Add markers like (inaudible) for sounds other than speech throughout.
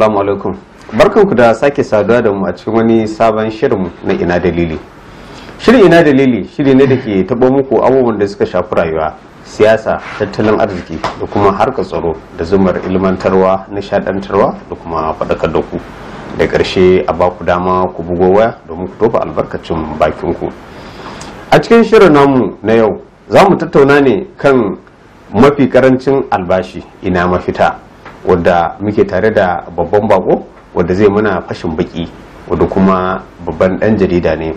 Assalamu alaikum. Barkanku da sake saduwa da mu a cikin wani sabon shirinmu na ina dalili. Shirin ina dalili shiri ne da ke taɓo muku abubuwan da suka shafi rayuwa, siyasa, tattalin arziki da kuma harkar tsaro da zumar ilmantarwa, nishadantarwa da kuma faɗakar da ku. Da ƙarshe a ba ku dama ku bugo waya domin ku tofa albarkacin bakin ku. A cikin shirin namu na yau za mu tattauna ne kan mafi karancin albashi ina mafita. wadda muke tare da babban bako wadda zai muna fashin baki wadda kuma babban dan jarida ne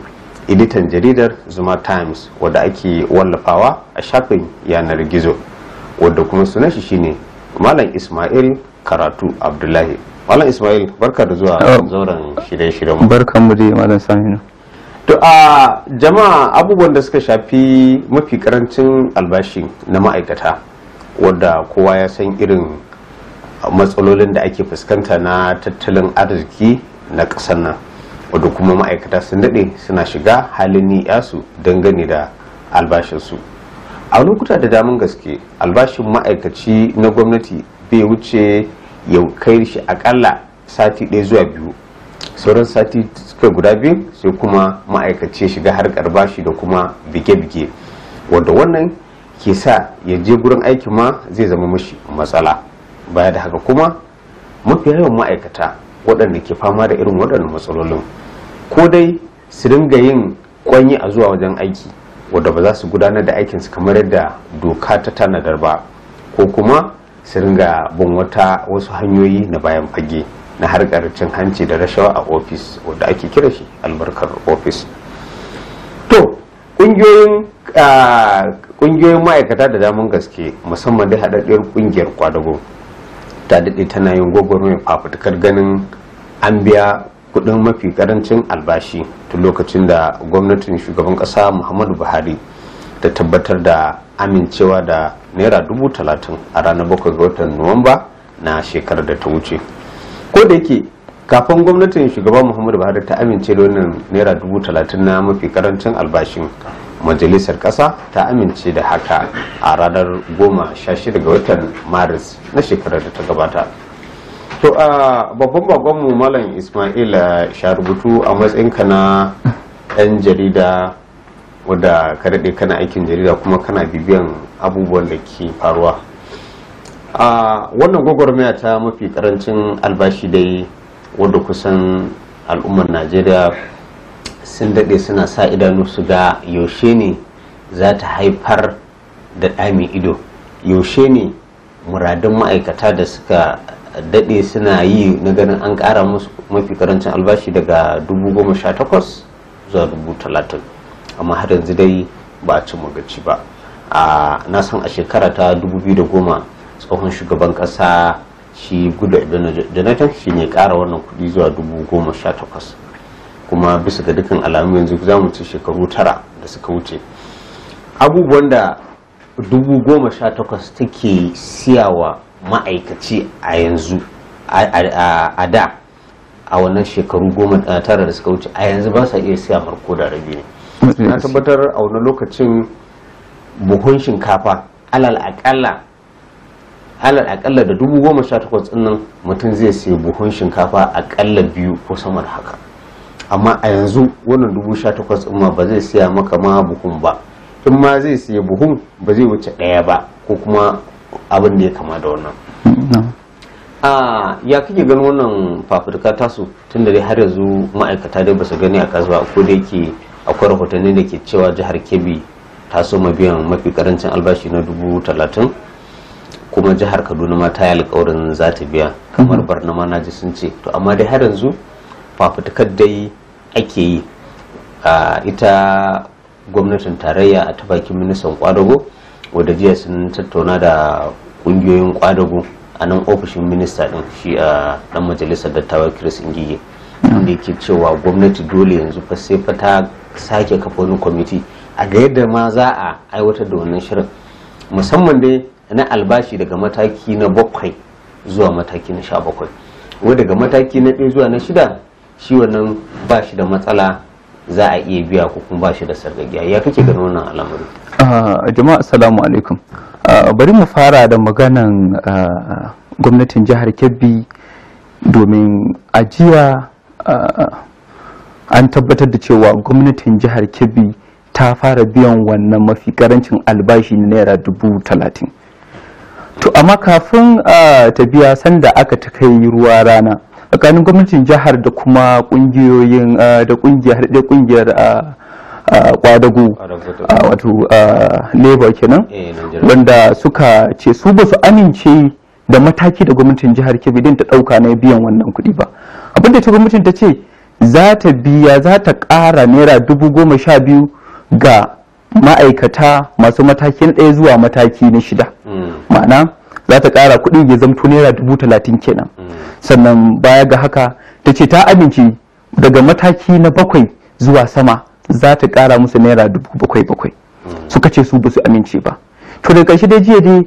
editan jaridar zuma times wadda ake wallafawa a shafin yanar gizo wadda kuma sunan shi shine malam ismail karatu abdullahi malam ismail barka da zuwa oh. zauren shirye-shiryen barka mu dai malam saminu to a jama'a abubuwan da suka shafi mafi karancin albashi na ma'aikata wadda kowa ya san irin matsalolin da ake fuskanta na tattalin arziki na ƙasar nan wadda kuma ma'aikata sun daɗe suna shiga halin ni'yasu dangane da albashinsu a lokuta da daman gaske albashin ma'aikaci na gwamnati bai wuce ya kai shi akalla sati ɗaya zuwa biyu sauran sati suka guda biyu sai kuma ma'aikaci shiga harkar bashi da kuma bige-bige wadda wannan ke sa ya je gurin aikin ma zai zama mashi matsala baya da haka kuma mafi yawan ma'aikata waɗanda ke fama da irin waɗannan matsalolin ko dai su dinga yin kwanyi a zuwa wajen aiki wadda ba za su gudanar da aikinsu kamar yadda doka ta tanadar ba ko kuma su dinga bin wata wasu hanyoyi na bayan fage na harkar cin hanci da rashawa a ofis wadda ake kira shi albarkar ofis to ƙungiyoyin ah, ma'aikata da damar gaske musamman dai haɗaɗɗiyar ƙungiyar kwadago ta daɗe tana yin gwagwarmaya fafutukar ganin an biya kudin mafi karancin albashi tun lokacin da gwamnatin shugaban ƙasa muhammadu buhari ta tabbatar da amincewa da naira dubu talatin a ranar bakwai ga watan nuwamba na shekarar da ta wuce ko da yake kafin gwamnatin shugaban muhammadu buhari ta amince da wannan naira dubu talatin na mafi karancin albashin majalisar ƙasa ta amince da haka a ranar goma sha shida ga watan maris na shekarar da ta gabata to a babban bagonmu malam ismaila sharubutu a matsayinka na 'yan jarida wadda ka daɗe kana aikin jarida kuma kana bibiyan abubuwan da ke faruwa a wannan gwagwarmaya ta mafi ƙarancin albashi dai wadda kusan al'ummar najeriya sun daɗe suna sa idanu su ga yaushe ne za ta haifar da ɗami ido yaushe ne muradun ma'aikata da suka daɗe suna yi na ganin an ƙara mafi karancin albashi daga 2018 zuwa talatin amma har yanzu dai ba a ci magaci ba a na san a shekara ta 2010 tsohon shugaban ƙasa shi guda gudu jonathan shi ne ƙara wannan kuɗi zuwa 18,000 kuma bisa ga dukkan alamu yanzu za mu ci shekaru tara da suka wuce abubuwan da dubu goma sha takwas take siyawa ma'aikaci a yanzu a da a wannan shekaru goma tara da suka wuce a yanzu ba sa iya siya marko da rabi ne na tabbatar a wani lokacin buhun shinkafa alal akalla da dubu goma sha takwas nan mutum zai sai buhun shinkafa akalla biyu ko sama da haka amma a yanzu wannan dubu sha takwas ma ba zai siya maka ma buhun ba in ma zai siya buhun ba zai wuce ɗaya ba ko kuma abin da ya kama da wannan a ya kake ganin wannan fafirka tasu tun da dai har yanzu ma'aikata dai ba su gani a kasuwa ko da yake akwai rahotanni da ke cewa jihar kebbi ta so biyan mafi karancin albashi na dubu talatin kuma jihar kaduna ma ta yi alkawarin za ta biya kamar mhm. barna ma na ji sun ce to amma dai har yanzu fafutukar dai ake yi a ita gwamnatin tarayya a ta bakin ministan kwadago wadda jiya sun tattauna da kungiyoyin kwadago a nan ofishin minista din shi a dan majalisar dattawa chris ingige wanda yake cewa gwamnati dole yanzu fa sai fa ta sake kafa wani kwamiti a ga yadda ma za a aiwatar da wannan shirin musamman dai na albashi daga mataki na bakwai zuwa mataki na sha bakwai daga mataki na ɗaya zuwa na shida shi wannan ba shi da matsala za a iya biya ko kuma ba shi da sargagiya ya kake ganin wannan al'amari ah, jama'a assalamu alaikum ah, bari mu fara da maganan ah, gwamnatin jihar kebbi domin ajiya an tabbatar da cewa gwamnatin jihar kebbi ta fara biyan wannan mafi karancin albashi na naira dubu talatin to amma kafin ta biya sanda aka ta kai ruwa rana tsakanin gwamnatin jihar da kuma kungiyoyin ah, da kungiyar da kungiyar ah, ah, kwadago wato labor kenan eh, wanda suka ce su ba su amince da mataki da gwamnatin jihar kebidin ta dauka na biyan wannan kuɗi ba abinda ta gwamnatin ta ce za ta biya za ta ƙara naira dubu goma sha biyu ga ma'aikata masu mataki na ɗaya zuwa mataki na shida mm. ma'ana za ta ƙara kuɗi ya zamto naira dubu talatin kenan sannan baya ga haka ta ce ta amince daga mataki na bakwai zuwa sama za ta ƙara musu naira dubu bakwai bakwai suka ce su basu amince ba to daga ƙarshe dai jiya dai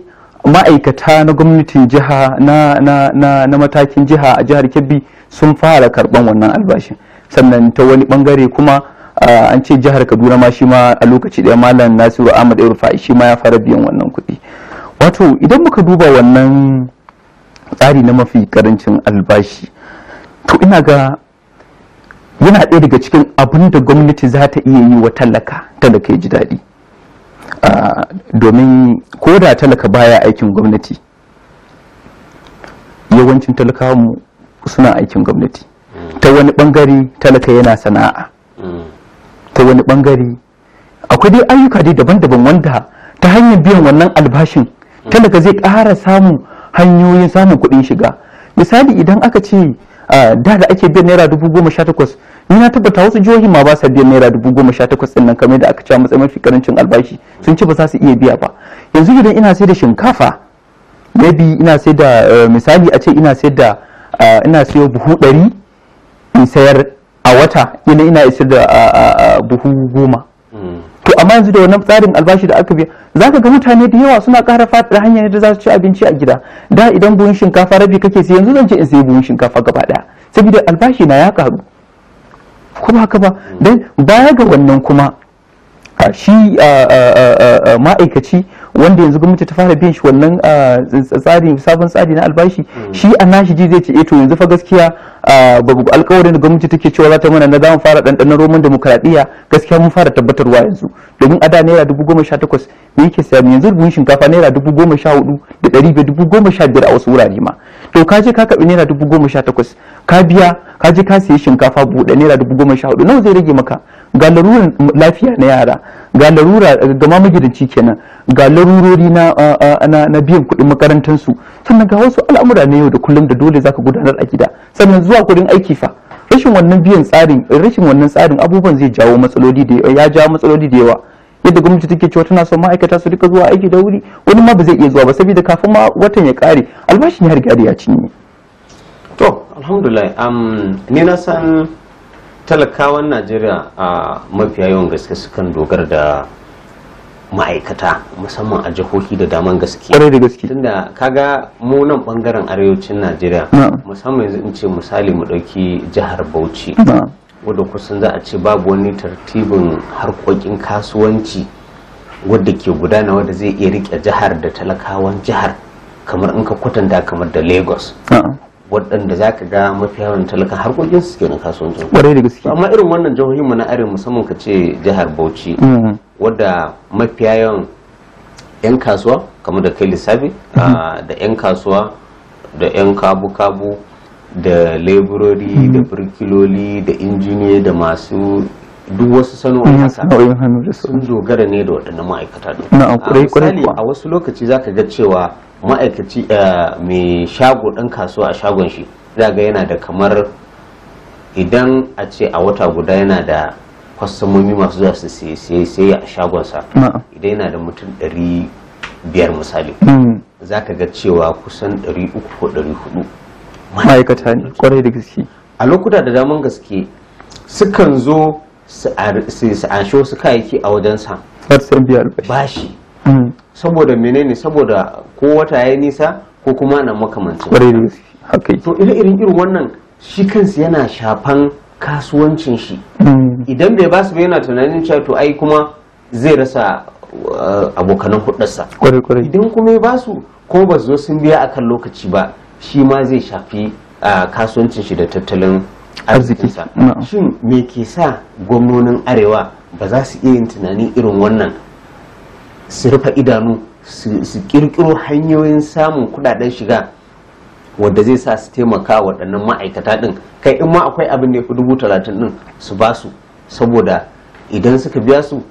ma'aikata na gwamnatin jiha na matakin jiha a jihar kebbi sun fara karban wannan albashin sannan ta wani bangare kuma an ce jihar kaduna ma shi ma a lokaci ɗaya malam nasiru ahmad rufa'i shi ma ya fara biyan wannan kuɗi wato idan muka duba wannan tsari na mafi karancin albashi to ina ga yana ɗaya daga cikin abin da gwamnati za ta iya yi wa talaka talaka ya ji daɗi ah, domin ko da talaka baya aikin gwamnati yawancin talakawa mu suna aikin gwamnati mm. ta wani bangare talaka yana sana'a mm. ta wani bangare akwai dai ayyuka dai daban-daban wanda ta hanyar biyan wannan albashin talaka zai ƙara samun hanyoyin samun kuɗin shiga misali idan aka ce da da ake biyan naira dubu goma sha takwas ni na tabbata wasu jihohi ma ba sa biyan naira dubu goma sha takwas din nan kamar da aka ce a matsayin mafi karancin albashi sun ce ba za su iya biya ba yanzu idan ina sai da shinkafa maybe ina sai da eh, misali a ce ina sai da ina sayo buhu ɗari in sayar a wata ina ina isar da buhu goma to amma yanzu da wannan tsarin albashi da aka biya za ka ga mutane da yawa suna ƙara faɗaɗa hanyar da za su ci abinci a gida da idan buhun shinkafa rabi kake sai yanzu zan je in sai buhun shinkafa gaba ɗaya saboda albashi na ya ƙaru kuma haka ba dan baya ga wannan kuma shi ma'aikaci wanda yanzu gwamnati ta fara bin shi wannan ah, tsari sabon tsari na albashi mm. shi a nashi ji zai ce eh to yanzu fa gaskiya ah, alkawarin da gwamnati take cewa za ta mana na zamu fara ɗanɗanon roman demokradiya gaskiya mun fara tabbatarwa yanzu domin a da naira dubu goma sha takwas me yake saya yanzu buhun shinkafa naira dubu goma sha hudu da ɗari biyar dubu goma sha biyar a wasu wurare ma to ka je ka kaɓi naira dubu goma sha takwas ka biya ka je ka siya shinkafa buɗe naira dubu goma sha hudu nawa zai rage maka ga larurar lafiya na yara ga larura eh, ga ma magidanci kenan ga larurori na eh, eh, na biyan kuɗin makarantar su sannan ga wasu al'amura na yau da kullum da dole zaka gudanar a gida sannan zuwa gurin aiki fa rashin wannan biyan tsarin rashin wannan tsarin abubuwan zai jawo matsaloli da ya jawo matsaloli da yawa yadda gwamnati take cewa tana son ma'aikata su rika zuwa aiki da wuri wani ma ba zai iya zuwa ba saboda kafin ma watan ya kare albashin ya riga da ya cinye to alhamdulillah um, ni na san talakawan najeriya a mafiya yawan gaske sukan dogara da ma'aikata musamman a jihohi da daman gaske kwarai da gaske tunda kaga mu nan bangaren arewacin najeriya musamman yanzu in ce misali mu ɗauki jihar bauchi wadda kusan za a ce babu wani tartibin harkokin kasuwanci wadda ke gudana wadda zai iya rike jihar da talakawan jihar kamar in ka kwatanta kamar da lagos waɗanda za ka ga mafi yawan talaka harkokin su ke kasuwancin amma irin wannan jihohin mu na arewa musamman ka ce jihar bauchi mm-hmm. wadda mafi yawan 'yan kasuwa kamar da kai lissafi mm-hmm. ah, da 'yan kasuwa da 'yan kabu-kabu da laborori hmm. da birkiloli da injiniya da masu duk wasu sanoyin hmm, hasa sun dogara ne da waɗannan ma'aikata ɗin a misali a wasu lokaci za ka ga cewa ma'aikaci eh, mai shago ɗan kasuwa a shagon shi za ga yana da kamar idan a ce a wata guda yana da kwastomomi masu za su sai a shagonsa idan yana da mutum ɗari biyar misali hmm. za ka ga cewa kusan ɗari uku ko ɗari hudu ma'aikata ne kwarai da gaske a lokuta da daman gaske sukan zo su ansho su kayayyaki a wajensa ba shi bashi mm. saboda menene saboda ko wata ya nisa ko kuma na makamancin kwarai da gaske haka to ire irin wannan shi kansa yana shafan kasuwancin shi mm. idan bai basu ba yana tunanin cewa to ai kuma zai rasa uh, abokanan hudarsa idan kuma ya basu ko ba su zo sun biya akan lokaci ba shi ma zai shafi kasuwancin shi da tattalin arzikinsa shin me ke sa gwamnonin arewa ba za su iya yin tunani irin wannan su rufe idanu su kirkiro hanyoyin samun kudaden shiga wanda zai sa su taimaka waɗannan ma'aikata ɗin kai in ma akwai abin da ya fi dubu talatin ɗin su ba su saboda idan suka biya su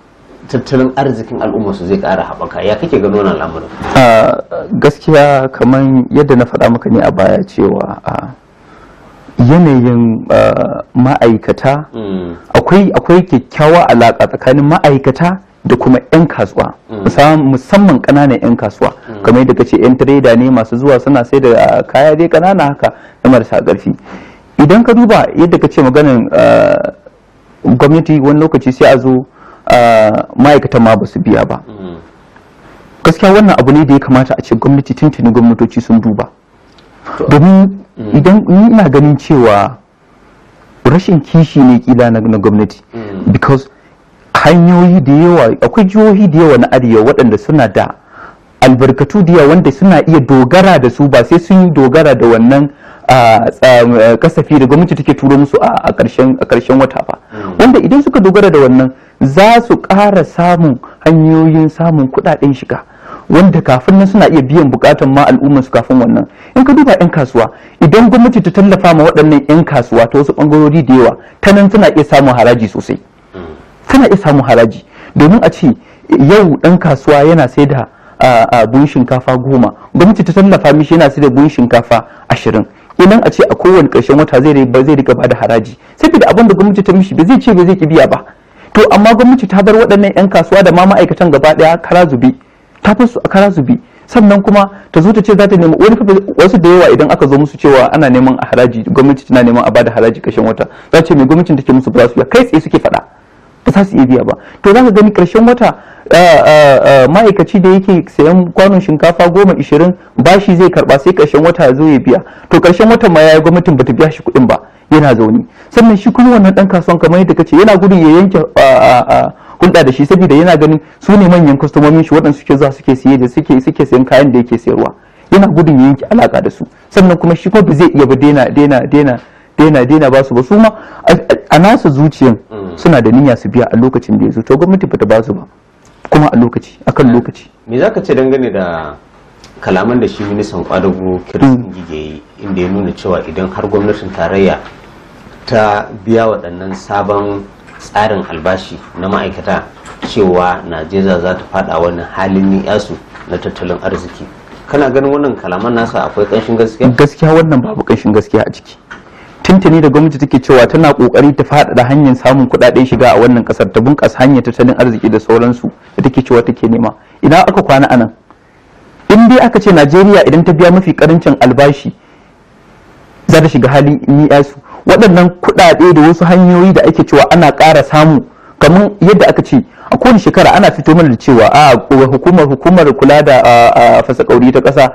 tattalin arzikin al'umma su zai kara haɓaka ya kake nuna wannan a gaskiya kamar yadda na faɗa maka ne a baya cewa yanayin ma'aikata mm. akwai kyakkyawa alaƙa tsakanin ma'aikata da kuma 'yan kasuwa mm. musamman ƙananan 'yan kasuwa mm. kamar yadda kace 'yan tireda ne masu zuwa suna sai da kaya dai ƙanana haka na marasa ƙarfi idan ka duba yadda kace maganin gwamnati wani lokaci sai a zo ma'aikata ma ba su biya ba gaskiya wannan abu ne da ya kamata a ce gwamnati tuntuni gwamnatoci sun duba domin idan ina ganin cewa rashin kishi ne kila na gwamnati because hanyoyi da yawa akwai jihohi da yawa na arewa waɗanda suna da albarkatu da yawa wanda suna iya dogara da su ba sai sun dogara da wannan kasafi da gwamnati take turo musu a ƙarshen wata ba mm. wanda idan suka dogara da wannan za su ƙara samun hanyoyin samun kuɗaɗen shiga wanda kafin nan suna iya biyan bukatan ma al'ummar su kafin wannan in ka duba yan kasuwa idan gwamnati ta tallafa ma waɗannan yan kasuwa ta wasu ɓangarori da yawa ta nan suna iya samun haraji sosai tana iya samun haraji domin a ce yau ɗan kasuwa yana sai da buhun shinkafa goma gwamnati ta tallafa mishi yana sai da buhun shinkafa ashirin idan a ce a kowane ƙarshen wata zai riga ba da haraji saboda abin da gwamnati ta mishi ba zai ce ba zai ki biya ba to amma gwamnati ta bar waɗannan 'yan kasuwa da ma ma'aikatan gaba ɗaya kara zubi ta fi su a kara zubi sannan kuma ta zo ta ce za ta nemi wani wasu da yawa idan aka zo musu cewa ana neman a haraji gwamnati tana neman a bada haraji kashin wata za ce mai gwamnatin take musu ba su kai tsaye suke faɗa ba za su iya biya ba to za ka gani karshen wata ma'aikaci da yake sayan kwanon shinkafa goma ishirin bashi zai karba sai karshen wata ya zo ya biya to karshen wata ma ya yi gwamnatin bata biya shi kuɗin ba yana zaune sannan shi kuma wannan dan kasuwan kamar yadda kace yana gudun ya yanke hulɗa da shi saboda yana ganin su ne manyan kwastomomin shi waɗanda suke zuwa suke siye da suke suke sayan kayan da yake sayarwa yana gudun ya yanke alaka da su sannan kuma shi kuma ba zai iya ba daina daina daina daina daina ba su ba su ma a nasu zuciyan mm. suna da niyya su biya a lokacin da ya zo to gwamnati ba ta ba su ba kuma a lokaci akan mm. lokaci me zaka ce dangane da kalaman da shi ministan kwadago kirsten mm. gige inda ya nuna cewa idan har gwamnatin tarayya ta biya waɗannan sabon tsarin albashi na ma'aikata cewa najeriya za ta fada wani halin ni'yasu na tattalin arziki kana ganin wannan kalaman nasa akwai ƙanshin gaskiya gaskiya wannan babu ƙanshin gaskiya a ciki tuntuni da gwamnati take cewa tana kokari ta faɗaɗa hanyar samun kuɗaɗen shiga a wannan ƙasar ta bunƙasa hanyar tattalin arziki da sauransu da take cewa take nema idan aka kwana anan in dai aka ce najeriya idan ta biya mafi karancin albashi za ta shiga halin ni'yasu waɗannan kuɗaɗe da wasu hanyoyi da ake cewa ana ƙara samu kamar yadda aka ce a kowane shekara ana fito mana da cewa a hukumar hukumar kula da fasa ƙauri ta ƙasa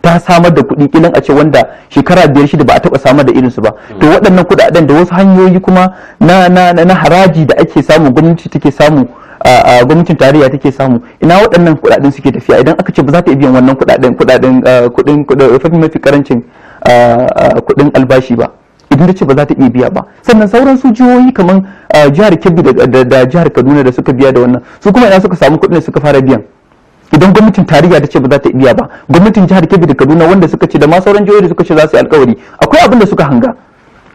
ta samar da kuɗi kilan a ce wanda shekara biyar shida ba a taɓa samar da irinsu ba to waɗannan kuɗaɗen da wasu hanyoyi kuma na haraji da ake samu gwamnati take samu a gwamnatin tarayya take samu ina waɗannan kuɗaɗen suke tafiya idan aka ce ba za ta biyan wannan kuɗaɗen kuɗaɗen kuɗin mafi karancin kuɗin albashi ba idan ta ce ba za ta iya biya ba sannan sauran su jihohi kamar jihar kebbi da jihar kaduna da suka biya da wannan su kuma idan suka samu kuɗin da suka fara biyan idan gwamnatin tarayya ta ce ba za ta biya ba gwamnatin jihar kebbi da kaduna wanda suka ce da ma sauran jihohi da suka ce za su yi alkawari akwai abin da suka hanga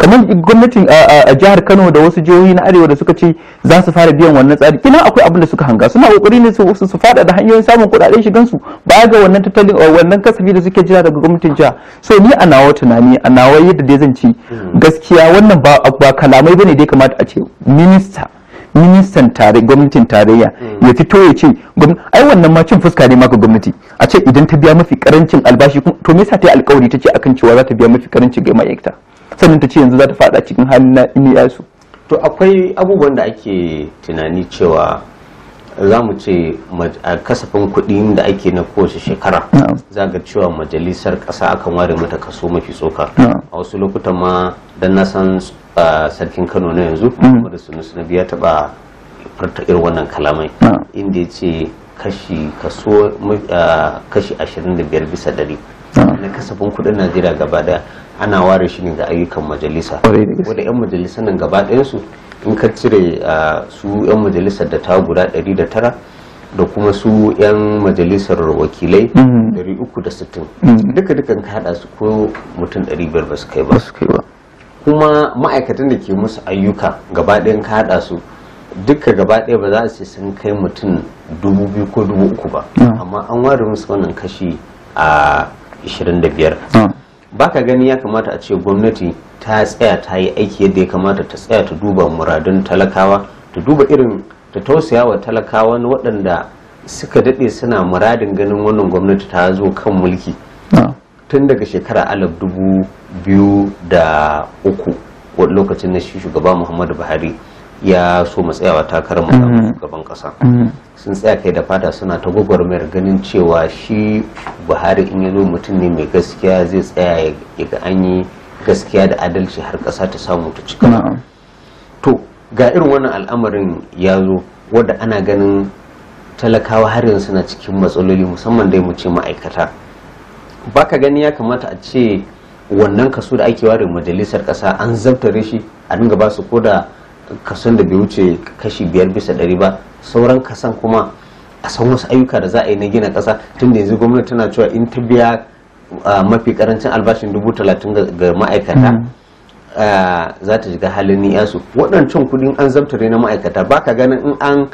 kamar gwamnatin a jihar Kano da wasu jihohi na arewa da suka ce za su fara biyan wannan tsari kina akwai abin da suka hanga suna kokari ne su su fada da hanyoyin samun kudaden shigan su ba ga wannan tattalin wannan kasafi da suke jira daga gwamnatin jiha so ni a nawa tunani a nawa yadda dai zan ci hmm. gaskiya wannan ba ba kalamai bane dai kamata a ce minista ministan tare gwamnatin tarayya hmm. ya fito ya ce ai wannan ma cin fuska ne maka gwamnati a ce idan ta biya mafi karancin albashi to me yasa ta yi alkawari ta ce akan cewa za ta biya mafi karancin ga ma'aikata sanin ta ce yanzu za ta fada cikin halin na su. to akwai abubuwan da ake tunani cewa za mu ce a kasafin kuɗi da ake na kowace shekara za ga cewa majalisar ƙasa akan ware mata kaso mafi tsoka a wasu lokutan ma don na san sarkin kano na yanzu mm-hmm. wadda sunusu na biya taɓa farta irin wannan kalamai inda ya ce kashi kaso kashi 25 bisa dari na kasafin kuɗin najeriya gaba daya ana ware shi ne ga ayyukan majalisa wadda 'yan majalisa nan gaba ɗayansu in ka cire su 'yan majalisar da ta guda 109 da kuma su 'yan majalisar wakilai 360 mm-hmm. mm-hmm. duka dukan ka hada su ko mutum 500 ba su kai ba kuma ma'aikatan da ke musu ayyuka gaba ɗayan ka hada su duka gaba ɗaya ba za a ce sun kai mutum dubu biyu ko dubu uku ba mm. amma an ware musu wannan kashi a 25 baka gani ya kamata a ce gwamnati ta tsaya ta yi aiki yadda ya kamata ta tsaya ta duba muradun talakawa ta duba irin ta tausaya wa talakawa waɗanda suka daɗe suna muradin ganin wannan gwamnati ta zo kan mulki tun daga shekara alaf dubu biyu da uku lokacin na shi shugaba muhammadu buhari ya so mu tsayawa takarar mu mm. gaban kasa mm. sun tsaya kai da fata suna ta gwagwarmayar ganin cewa shi buhari in ya zo mutum ne mai gaskiya zai tsaya ya ga an yi gaskiya da adalci har kasa ta samu ta cika to ga irin wannan al'amarin ya zo wadda ana ganin talakawa har yanzu suna cikin matsaloli musamman dai mu ce ma'aikata baka gani ya kamata a ce wannan kaso da ake ware majalisar kasa an zartare shi a dinga ba su ko da kason da bai wuce kashi biyar bisa ɗari ba sauran kasan kuma a san wasu ayyuka da za a yi na gina ƙasa tun da yanzu gwamnati tana cewa in ta biya mafi karancin albashin dubu talatin ga ma'aikata hmm. za ta shiga halin niyasu waɗancan kuɗin an zamtare na ma'aikata ba ka ganin in an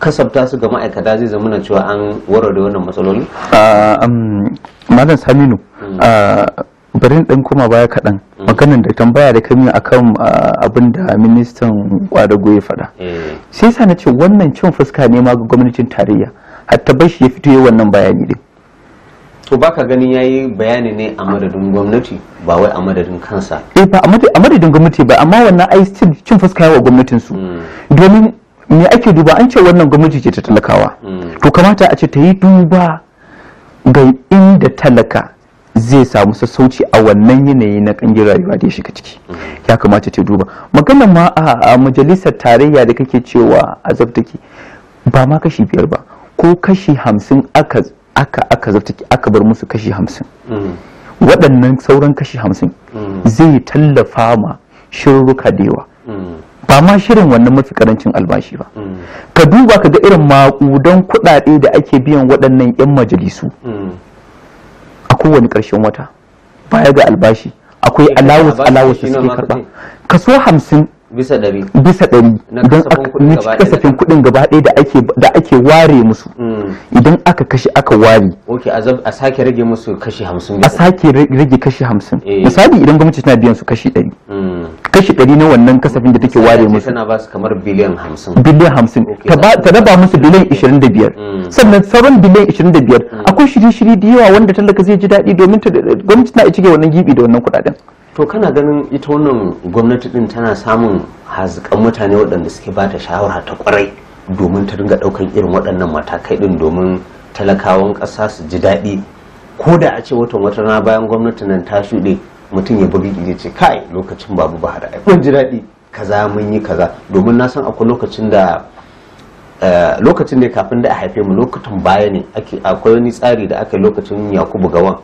kasabta su ga ma'aikata zai zama na cewa an warware wannan matsaloli? Um, Malam Saminu, hmm. bari ɗin koma baya kaɗan mm. maganin da tambaya da kami akan ah, abin da ministan kwadago ya faɗa mm. sai sa na ce wannan cin fuska ne ma ga gwamnatin tarayya hatta bashi ya fito yi wannan bayani ne. to baka ganin yayi bayani ne a madadin gwamnati ba wai a madadin kansa eh ba a madadin gwamnati ba amma wannan ai still cin fuska wa gwamnatin su mm. domin me ake duba an ce wannan gwamnati ce ta talakawa to kamata a ce ta yi duba ga inda talaka zai samu sassauci a wannan yanayi na kangin rayuwa da ya shiga ciki ya kamata ta duba magana ma a majalisar tarayya da kake cewa a azabtaki ba ma kashi biyar ba ko kashi hamsin aka aka aka aka bar musu kashi hamsin mm. waɗannan sauran kashi hamsin mm. zai tallafa ma shirurruka da yawa mm. ba ma shirin wannan mafi karancin albashi ba ka duba ka ga irin maƙudan kuɗaɗe da ake biyan waɗannan 'yan majalisu kowane ƙarshen wata baya ga albashi akwai alawus alawus da suke karba kaso hamsin bisa ɗari bisa ɗari na kasafin kuɗin gaba ɗaya da ake da ake ware musu hmm. idan aka kashe aka ware ok a sake rage musu kashi hamsin a sake rage kashi hamsin eh. misali idan gwamnati tana biyan su kashi ɗari hmm. kashi ɗari na wannan kasafin da take ware musu tana ba su kamar biliyan hamsin biliyan hamsin ta raba musu biliyan ishirin da biyar hmm. sannan sauran biliyan ishirin da biyar akwai shirye-shirye da yawa wanda talaka zai ji daɗi domin gwamnati tana cike wannan gibi da wannan kuɗaɗen to kana ganin ita wannan gwamnati din tana samun hazikan mutane waɗanda suke ba ta shawara ta kwarai domin ta dinga ɗaukan irin waɗannan matakai din domin talakawan ƙasa su ji daɗi ko da a ce watan wata rana bayan gwamnati nan ta shuɗe mutum ya bugi ya ce kai lokacin babu ba da mun ji daɗi kaza mun yi kaza domin na san akwai lokacin da eh, lokacin da kafin da a haife mu lokacin baya ne akwai wani tsari da aka lokacin yakubu gawan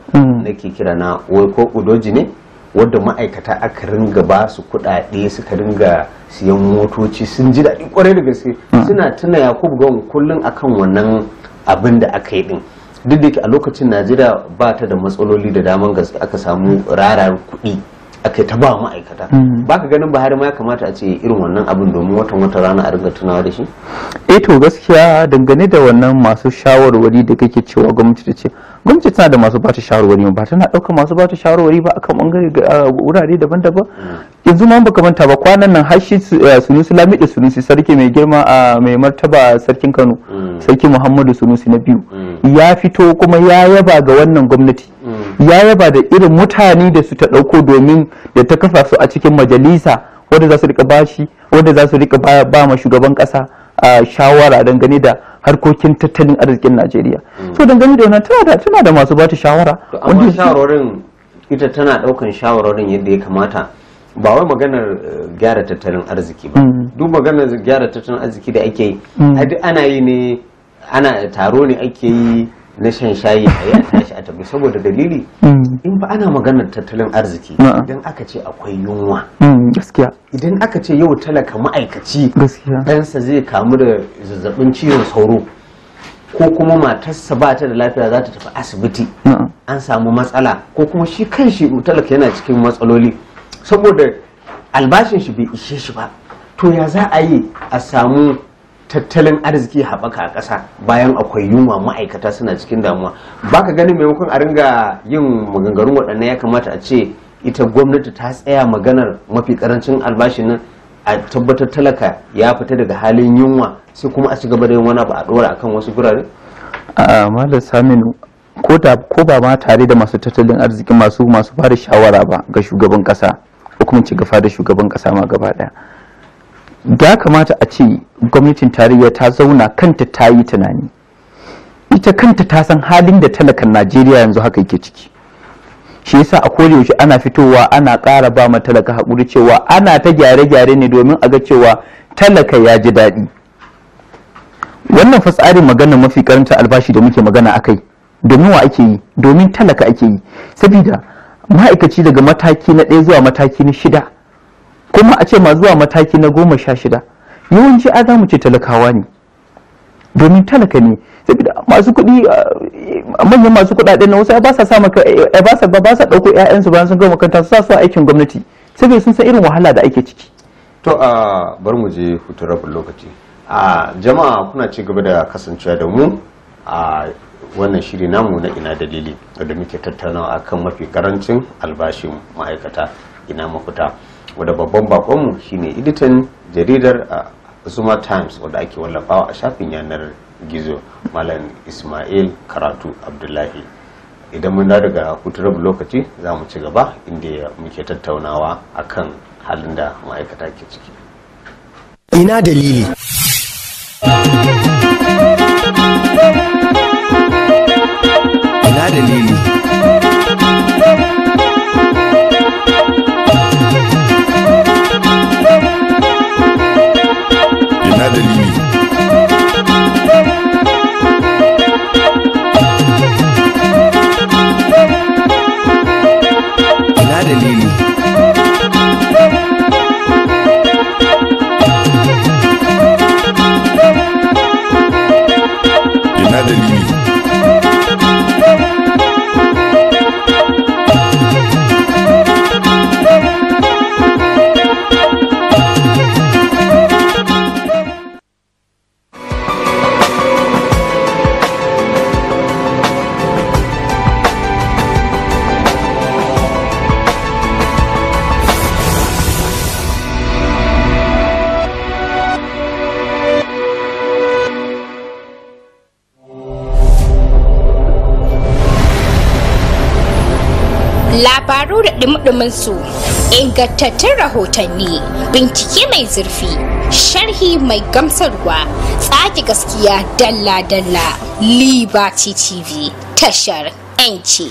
nake hmm. kira na wai ko udoji ne wadda ma'aikata aka ringa ba su kuɗaɗe suka ringa siyan motoci sun ji daɗi kwarai da gaske mm. suna tuna yakubu gawon kullum kan wannan abin da aka yi din duk da a lokacin najeriya ba ta da matsaloli da daman gaske aka samu rara kuɗi Ake ta ba ma'aikata hmm. ba ka ganin buhari ma ya kamata a ce irin wannan abin domin watan wata rana a riga tunawa da shi eh to gaskiya dangane da wannan masu shawarwari da kake cewa gwamnati ta ce gwamnati tana da masu ba ta shawarwari ba tana ɗauka masu ba ta shawarwari ba akan bangare wurare daban-daban hmm. yanzu ma baka manta ba kwanan nan har shi eh, sunusi lamidi sunusi sarki mai girma a mai martaba sarkin kano hmm. sarki muhammadu sunusi na biyu ya fito kuma ya yaba ga wannan gwamnati ya yaba da irin mutane da su ta ɗauko domin da ta kafa su a cikin majalisa wadda za su rika bashi wadda za su rika ba ma shugaban ƙasa a shawara dangane da harkokin tattalin arzikin Najeriya. So mm. dangane da wannan tana da tana da masu bata shawara. Amma shawarorin ita tana ɗaukan shawarorin yadda ya kamata ba wai maganar eh, gyara tattalin arziki ba. Mm. Duk maganar gyara tattalin arziki da ake yi, mm. ana yi ne ana taro ne ake yi na shan shayi a yi a tashi a tafi saboda dalili mm. in ba ana maganar tattalin arziki idan aka ce akwai yunwa mm, idan aka ce yau talaka ma'aikaci ɗansa zai kamu da zazzabin cizon sauro ko kuma matarsa ba ta da lafiya za ta tafi asibiti an samu matsala ko kuma shi kan shi talaka yana cikin matsaloli saboda albashin shi bai ishe shi ba to ya za a yi a samu tattalin arziki haɓaka a ƙasa bayan akwai yunwa ma'aikata suna cikin damuwa ba ka ganin maimakon a ringa yin maganganun waɗannan ya kamata a ce ita gwamnati ta tsaya maganar mafi karancin albashin nan a tabbatar talaka ya fita daga halin yunwa sai kuma a ci gaba da yin wani ba a ɗora kan wasu birane a malam samin ko ba ma tare da masu tattalin arziki masu masu ba da shawara ba ga shugaban kasa ko kuma ci gafa da shugaban kasa ma gaba ɗaya ya kamata a ce gwamnatin tarayya ta zauna kanta ta yi tunani ita kanta ta san halin da talakan najeriya yanzu haka yake ciki shi yasa a kodi yaushe ana fitowa ana ƙara ba ma talaka haƙuri cewa ana ta gyare-gyare ne domin a ga cewa talaka ya ji daɗi wannan fasarin magana mafi karanta albashi da muke magana akai domin wa ake yi domin talaka ake yi saboda ma'aikaci daga mataki na ɗaya zuwa mataki na shida kuma a ce ma zuwa mataki na goma sha shida yawanci a za mu ce talakawa ne domin talaka ne saboda masu kuɗi eh, manyan masu kuɗaɗen na wasu ba sa sa maka eh, ba sa ba sa ɗauko ƴaƴansu bayan sun gama makaranta su sa su aikin gwamnati sai sun san irin wahala da ake ciki to a ah, bar mu je hutun rabin lokaci a ah, jama'a kuna ci gaba da kasancewa da mu a wannan shiri namu na ina dalili da muke tattaunawa akan mafi karancin albashin ma'aikata ina mafuta. wadda babban bakonmu shine editan jaridar a zuma times wadda ake wallafawa a shafin yanar gizo malam ismail karatu abdullahi idan mun daga kuturar lokaci za mu ci gaba inda muke tattaunawa akan halin da ma'aikata ke ciki ina dalili ina dalili dumdumin su ingantattun rahotanni bincike mai zurfi sharhi mai gamsarwa tsaki gaskiya dalla-dalla liberty tv tashar 'yanci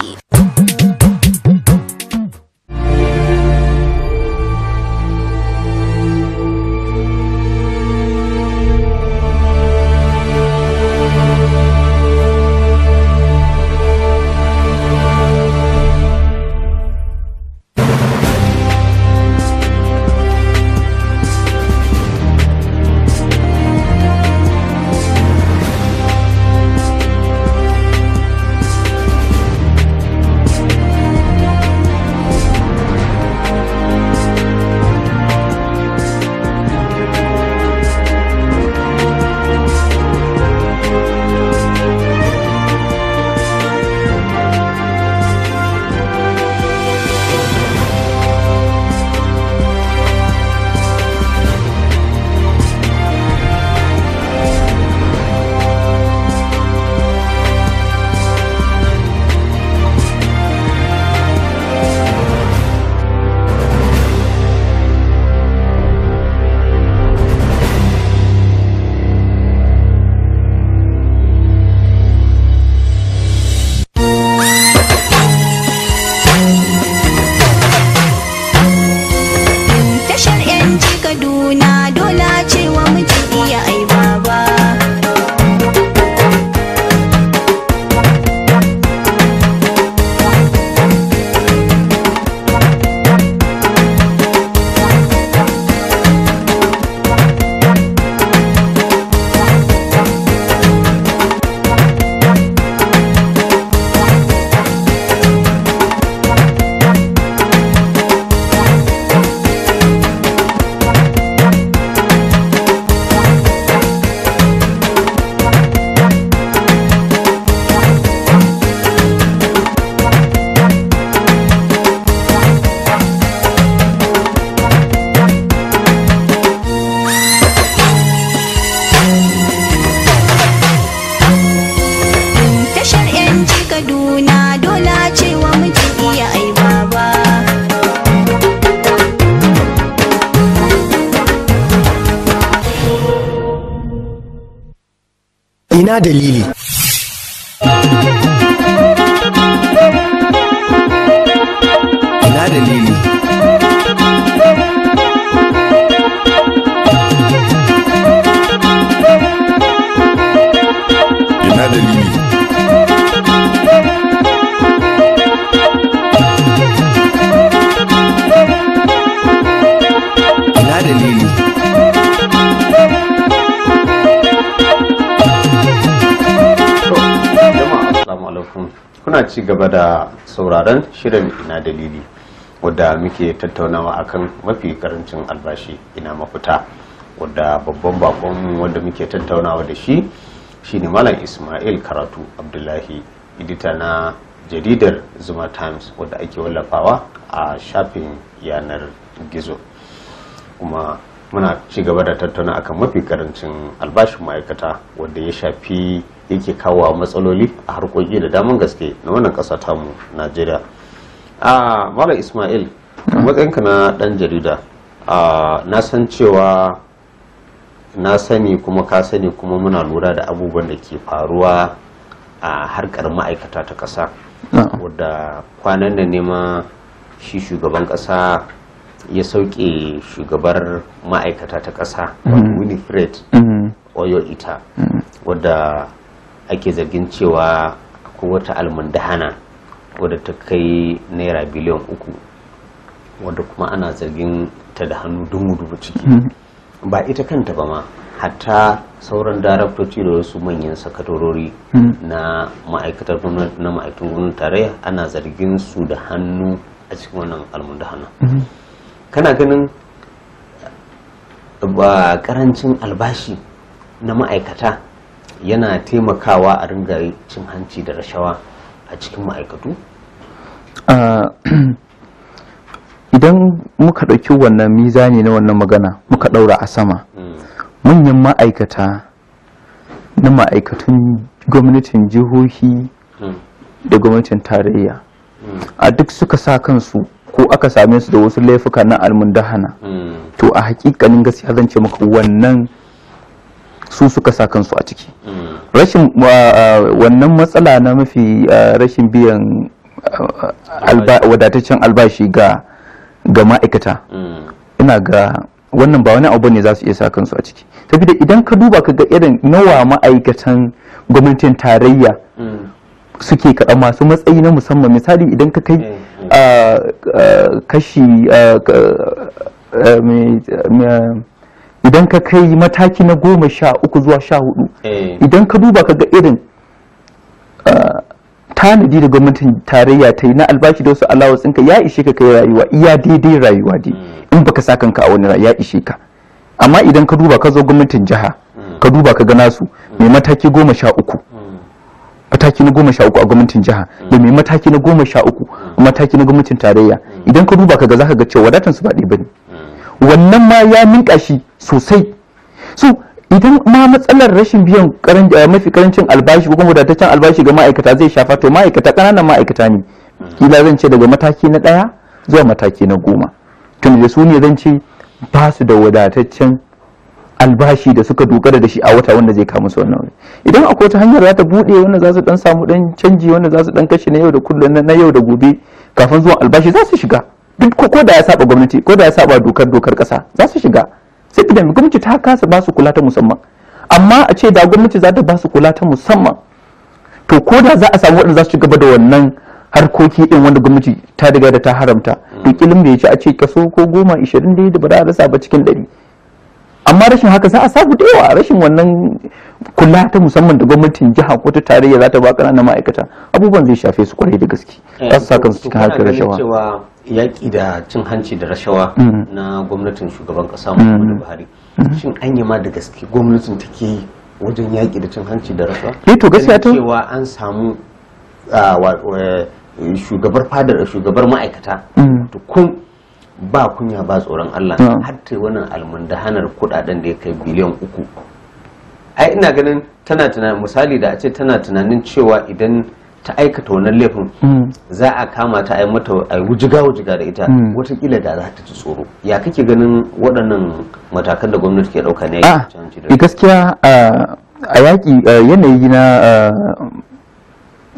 dalili ci gaba da sauraron shirin ina dalili wadda muke tattaunawa akan mafi karancin albashi ina mafita wadda babban bakon wadda muke tattaunawa da shi shine malam ismail karatu abdullahi edita na jaridar zuma times wadda ake wallafawa a shafin yanar gizo kuma muna ci gaba da tattauna akan mafi karancin albashin ma'aikata wadda ya shafi yake kawo matsaloli a harkoki da daman gaske na wannan kasa mu najeriya a malam ismail matsayinka na dan jarida na san cewa na sani kuma ka sani kuma muna lura da abubuwan da ke faruwa a harkar ma'aikata ta kasa wadda kwanan da nema shi shugaban kasa ya sauke shugabar ma'aikata ta kasa mm-hmm. winifred mm-hmm. oyo ita mm-hmm. wadda ake zargin cewa ko wata almundahana wadda ta kai naira biliyan uku wadda kuma ana zargin ta da hannu dumu ciki hmm. ba ita kanta ba ma hatta sauran daraktoci da wasu manyan sakatorori hmm. na ma'aikatar na ma'aikatan gwamnati tarayya ana zargin su da hannu a cikin wannan almundahana hmm. kana ganin ba karancin albashi na ma'aikata yana taimakawa a ringa cin hanci da rashawa a cikin ma'aikatu? Ah, (clears throat) idan muka ɗauki wannan mizani na wannan magana muka ɗaura a sama hmm. manyan ma'aikata na ma'aikatun gwamnatin jihohi hmm. da gwamnatin tarayya hmm. a duk suka sa kansu ko aka same su da wasu laifuka na almundahana to a hakikanin gaskiya zan ce maka wannan su suka sa kansu a ciki hmm. rashin wannan matsala na mafi rashin biyan wadataccen albashi ga ma'aikata hmm. ina ga wannan ba wani abu ne za su iya sa kansu a ciki saboda idan ka duba ka ga irin nawa ma'aikatan gwamnatin tarayya hmm. suke kaɗa masu matsayi na musamman misali idan ka kai kashi idan ka kai mataki na goma sha uku zuwa sha hudu eh. idan ka duba ka ga irin ah, tanadi da gwamnatin tarayya ta yi na albashi da wasu tsinka, ya ishe ka kai rayuwa iya daidai rayuwa dai hmm. in baka sa kanka a wani rayuwa ya ishe ka amma idan ka duba ka zo gwamnatin jiha hmm. ka duba ka gana su mai hmm. mataki goma sha uku mataki na goma sha uku a gwamnatin jiha da mai mataki na goma sha uku mataki na gwamnatin tarayya idan ka duba ka ga za ka ga cewa wadatansu ba ɗaya ba ne. wannan ma ya minka shi sosai so idan ma matsalar rashin biyan eh, mafi karancin albashi ko kuma wadataccen albashi ga ma'aikata zai shafa to ma'aikata kananan ma'aikata ne kila zan ce daga mataki na daya zuwa mataki na goma tun da su ne zan ce ba su da wadataccen albashi da suka dogara da shi a wata wanda zai kama su wannan idan akwai wata hanyar za ta bude wanda za su dan samu dan canji wanda za su dan kashe na yau da kullum na yau da gobe kafin zuwan albashi za su shiga duk ko da ya saba gwamnati ko da ya saba dokar dokar kasa za su shiga sai idan gwamnati ta kasa ba su kula ta musamman amma a ce da gwamnati za ta ba su kula ta musamman to ko da za a samu waɗanda za su gaba da wannan harkoki din wanda gwamnati ta riga da ta haramta to kilin ya ci a ce kaso ko goma ishirin da da ba za a rasa ba cikin ɗari amma rashin haka za a sabu da yawa rashin wannan kula ta musamman da gwamnatin jiha ko ta tarayya za ta ba ƙananan ma'aikata abubuwan zai shafe su kwarai da gaske za su sa kansu cikin harkar rashawa yaƙi da cin hanci da rashawa mm. na gwamnatin shugaban ƙasa Muhammadu mm. Buhari shin an yi ma da gaske gwamnatin take yi wajen yaƙi da cin hanci da rashawa eh to gaskiya to cewa an samu shugabar fadar shugabar ma'aikata mm. to kun ba kunya ba tsoron Allah har ta wannan almundahanar kudaden da ya kai biliyan uku ai ina ganin tana tunanin misali da a ce tana tunanin cewa idan ta aikata wannan laifin mm. za a kama ta a yi mata a yi wujiga wujiga da ita mm. watakila da za ta ci tsoro ya kake ganin waɗannan matakan da gwamnati ke ɗauka ne a ah, gaskiya ah, a yaƙi ah, yanayi na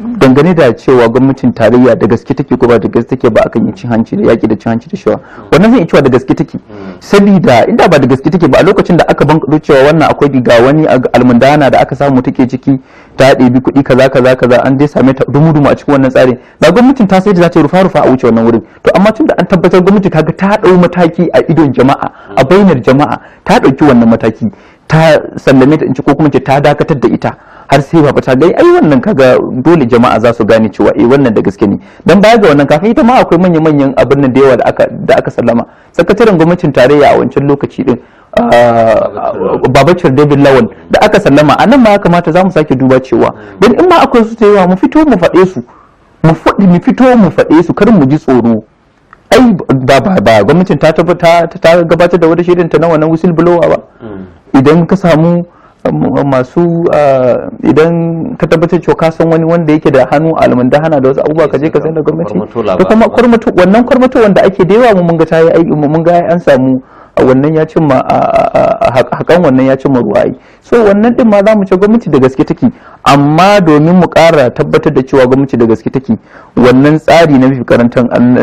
dangane da cewa gwamnatin tarayya da gaske take ko ba da gaske take ba akan cin hanci da yaki da cin hanci da shawa wannan zan iya cewa da gaske take saboda inda ba da gaske take ba a lokacin da aka banka cewa wannan akwai diga wani almundana da aka samu take ciki ta ɗebi kuɗi kaza kaza kaza an dai same ta dumu dumu a cikin wannan tsarin da gwamnatin ta sai da za ta rufa rufa a wuce wannan wurin to amma tun da an tabbatar gwamnati ga ta ɗau mataki a idon jama'a a bainar jama'a ta ɗauki wannan mataki ta sallame ta in ci ko kuma ce ta dakatar da ita har sai baba ta gani ai wannan kaga dole jama'a za su gane cewa eh wannan da gaske ne dan baya ga wannan kafin ita ma akwai manya-manyan abin nan da yawa da aka da aka sallama sakataren gwamnatin tarayya a wancan lokaci din ah, babacir david lawan da aka sallama a nan ma ya kamata za mu sake duba cewa don in ma akwai su ta yawa mu fito mu faɗe su mu faɗi mu fito mu faɗe su kar mu ji tsoro ai ba ba gwamnatin ta ta gabatar da wata shirin ta na wannan whistle blower ba idan ka samu um, masu uh, idan ka tabbatar cewa ka san wani wanda yake da hannu hana da wasu abubuwa ka je ka sayar da gwamnati da kuma kwarmato wannan kwarmato wanda ake da yawa mu mun ga ta yi aiki mu mun ga an samu wannan ya cimma hakan wannan ya cimma ruwa yi so wannan din ma za mu ce gwamnati da gaske take amma domin mu ƙara tabbatar da cewa gwamnati da gaske take wannan tsari na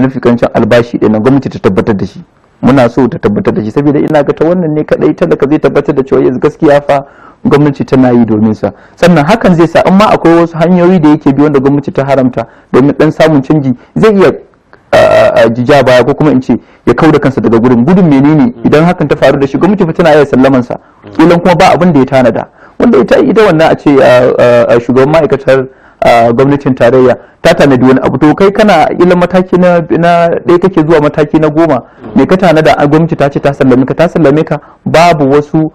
fifikancin albashi ɗin gwamnati ta tabbatar da shi muna so ta tabbatar da shi saboda ina ga ta wannan ne kadai talaka zai tabbatar da cewa yanzu gaskiya fa gwamnati tana yi domin sa sannan hakan zai sa amma akwai wasu hanyoyi da yake bi wanda gwamnati ta haramta domin dan samun canji zai iya jija baya ko kuma in ce ya kau da kansa daga gurin gudun menene idan hakan ta faru da shi gwamnati fa tana iya sallaman sa kilan kuma ba abin da ya tanada wanda ita ita wannan a ce shugaban ma'aikatar gwamnatin tarayya ta tanadi wani abu to kai kana ilan mataki na ɗaya kake zuwa mataki na goma me ka tanada gwamnati ta ce ta sallame ka ta sallame ka babu wasu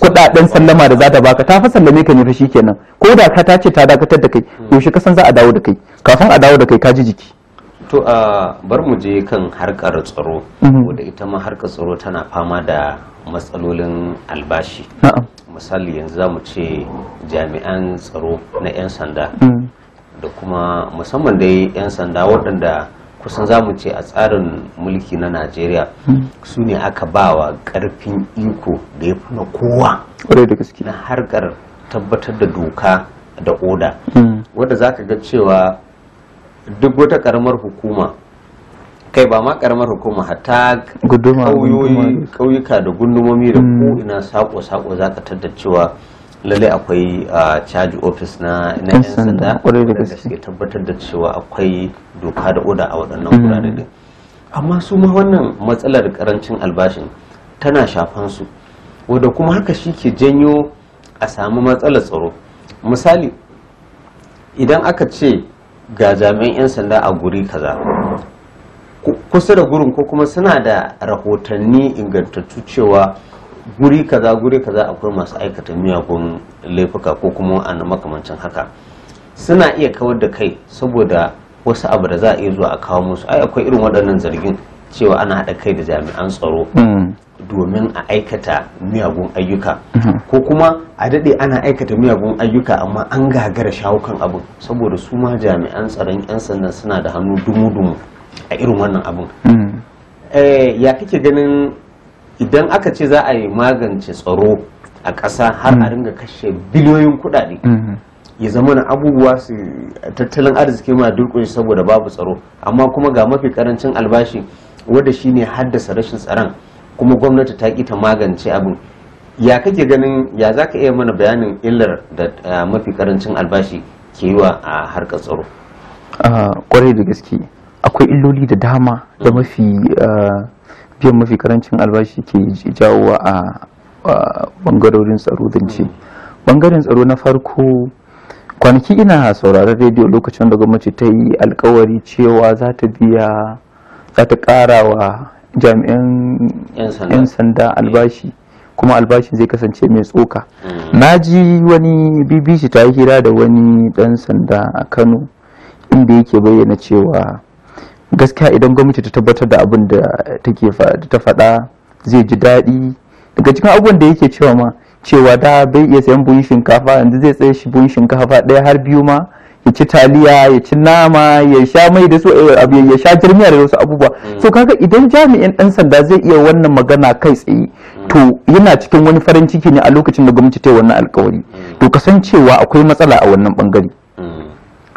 kudaden sallama da za ta baka ta fa sallame ka ne fa shikenan ko da ka ta ce ta dakatar da kai hmm. yaushe ka san za a dawo da kai kafin a dawo da kai ka ji jiki to a bar mu je kan harkar tsaro wanda hmm. ita ma harkar tsaro tana fama da matsalolin albashi misali yanzu za mu ce jami'an tsaro na 'yan sanda mm. da kuma musamman dai 'yan sanda waɗanda kusan za mu ce a tsarin mulki na najeriya mm. su ne aka bawa ƙarfin iko da ya fi na kowa na harkar tabbatar da doka da oda mm. wadda za ka ga cewa duk wata ƙaramar hukuma kai ba ma karamar hukuma hatta kauyuka da gundumomi da mm. ko ina sako-sako za ka cewa lallai akwai caji ofis na yan sanda da suke tabbatar da cewa akwai doka da oda a waɗannan wurare mm. amma su ma wannan matsalar karancin albashin tana shafan su wadda kuma haka shi ke janyo a samu matsalar tsaro misali idan aka ce ga jami'an 'yan sanda a guri kaza kusa da gurin ko kuma suna da rahotanni ingantattu cewa guri kaza guri kaza akwai masu aikata miyagun laifuka ko kuma a makamancin haka suna iya kawar da kai saboda wasu abu da za a iya zuwa a kawo musu ai akwai irin waɗannan zargin cewa ana haɗa kai da jami'an tsaro hmm. domin a aikata miyagun ayyuka hmm. ko kuma a daɗe ana aikata miyagun ayyuka amma an gagara shawukan abu saboda su ma jami'an tsaron 'yan sandan suna da hannu dumu-dumu a irin wannan abun hmm. eh, ya kike ganin idan aka ce za a yi magance tsaro a ƙasa har a hmm. ringa kashe biliyoyin kuɗaɗe hmm. ya zama na abubuwa su tattalin arziki ma durƙushe saboda babu tsaro amma kuma ga mafi karancin albashi wanda shine haddasa rashin tsaron kuma gwamnati ta ƙi ta magance abin ya kake ganin ya za ka iya mana bayanin illar da eh, mafi karancin albashi ke yiwa wa a harkar tsaro kwarai ah, da gaske akwai illoli da dama da mafi eh, biyan mafi karancin albashi ke jawowa a bangarorin tsaro ce. bangaren tsaro na farko kwanaki ina sauraron rediyo lokacin da gwamnati ta yi alkawari cewa za ta biya za ta kara wa jami'an 'yan sanda albashi kuma albashi zai kasance mai tsoka mm. na ji wani bbc ta yi hira da wani dan sanda a kano inda yake bayyana cewa gaskiya idan gwamnati ta tabbatar da abin da take ta faɗa zai ji daɗi daga cikin abubuwan da yake cewa ma cewa da bai iya sayan buhun shinkafa yanzu zai tsaye shi buhun shinkafa ɗaya har biyu ma ya ci taliya ya ci nama ya sha mai da su eh, ya sha jirmiya da wasu abubuwa mm. so kaga idan jami'in ɗan sanda zai iya wannan magana kai tsaye mm. to yana cikin wani farin ciki ne a lokacin da gwamnati ta yi wannan alkawari mm. to kasancewa akwai matsala a wannan bangare